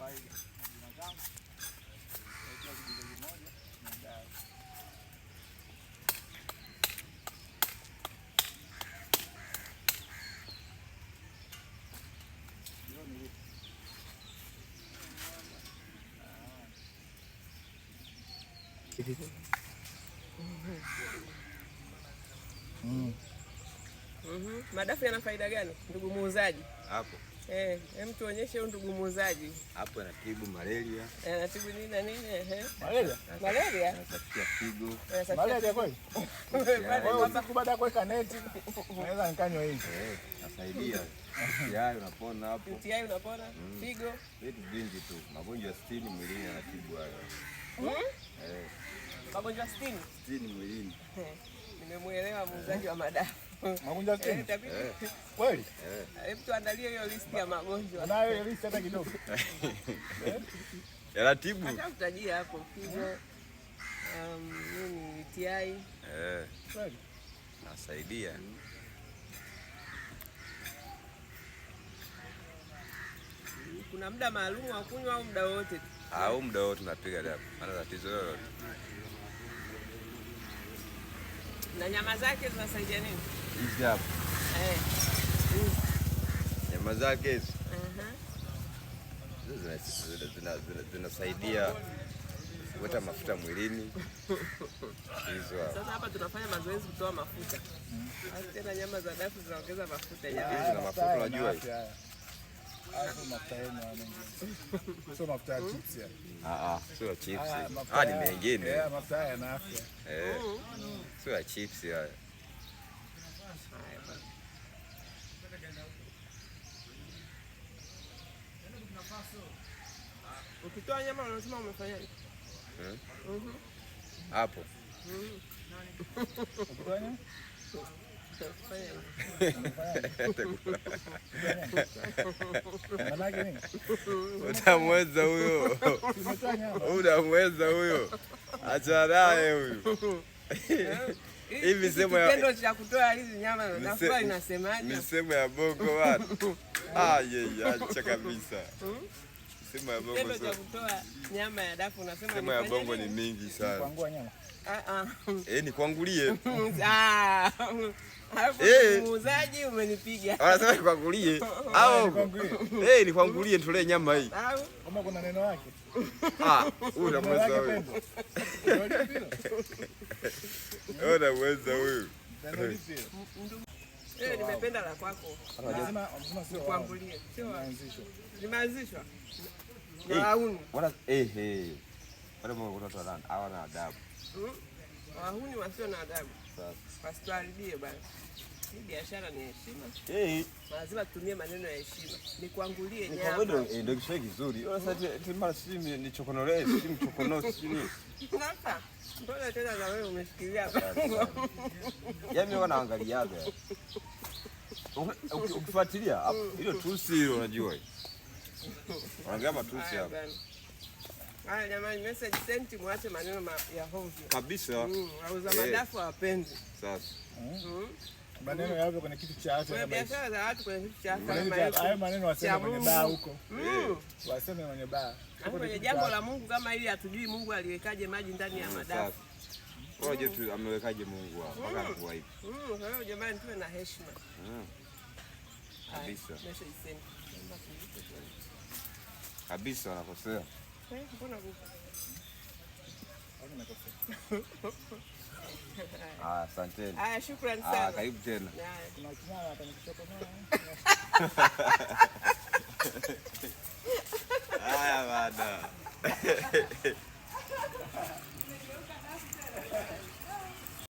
faida na binadamu naitoa kijiko kimoja na dawa Mm. Mm -hmm. Madafu yana faida gani ndugu muuzaji? Hapo. Eh, hem tuonyeshe huyu ndugu muuzaji. Hapo anatibu malaria. Eh, anatibu nini na nini? Eh. Malaria. Malaria. Anasafisha figo. Malaria kweli? Wewe usiku baada ya kuweka neti unaweza nikanywa hivi. Eh, nasaidia. UTI unapona hapo. UTI unapona? Mm. Figo. Vitu vingi tu. Magonjwa 60 mwilini anatibu hayo. Hmm? Eh. Magonjwa 60? 60 mwilini. Eh, Nimemuelewa muuzaji wa madawa magonjwa eh, eh. kweli. Hebu eh. tuandalie hiyo listi ya magonjwa, nayo hiyo listi hata kidogo taratibu, hata kutajia hapo figo, um, nini, UTI kweli nasaidia mm. kuna muda maalum wa kunywa au muda wote? Au muda wote napiga dawa, maana tatizo lolote. Na nyama zake zinasaidia nini? hizi hapa nyama zake zinasaidia kuweta mafuta mwilini. Sasa hapa tunafanya mazoezi kutoa mafuta, tena nyama za dafu zinaongeza mafuta, zina mafuta unajua sio chips, ah, ah, ah, ni mengine, eh. mm. sio ya chips haya. wanyama wanasema umefanyaje? Hmm? Mhm. Hapo utamweza huyo, utamweza huyo, acha naye huyu. Hivi misemo ya cha kutoa hizi nyama na inasemaje? Misemo ya bongo watu. Ah, yeye acha kabisa. Hmm? sema Kitendo cha kutoa nyama ya dafu unasema sema ya bongo ni mingi sana. nyama. Ah ah. Eh, Ah. Eh, muuzaji umenipiga. Wanasema ah, nikwangulie. Au ah, eh, nikwangulie nitolee nyama hii. Kama kuna neno yake. Ah, huyu unamweza wewe. Wewe unamweza wewe. Eh, nimependa la kwako. Anasema, anasema sio. Nikwangulie. Sio. Nimeanzishwa hawana adabu, hmm? wahuni wasio na adabu, wasituharibie bana. Hii biashara ni heshima, lazima tutumie maneno ya heshima. Nikuangulie nyama ndio eh, kishauri kizuri, nichokonolee mchokonoa Mbona tena na wewe umeshikilia? Yaani wanaangaliaga. Ukifuatilia hapo hmm. hilo tusi hilo unajua. Ongea matusi hapa. Haya jamani, message senti, mwache mm, eh. mm. maneno ya hovyo kabisa. Wauza madafu hawapendi. Sasa. Maneno yao kwenye kitu cha watu. Kwa biashara za watu kwenye kitu cha watu. Haya maneno mm. eh. waseme kwenye baa huko. Yaani waseme kwenye baa. Kwenye jambo la Mungu kama hili hatujui Mungu aliwekaje maji ndani ya madafu. Ngoja tu amewekaje Mungu hapa mpaka kuwa hivi. Jamani tuwe na heshima kabisa kabisa, wanakosea eh, ah, asanteni. Haya, ah, shukrani ah, sana, karibu tena. Haya bana.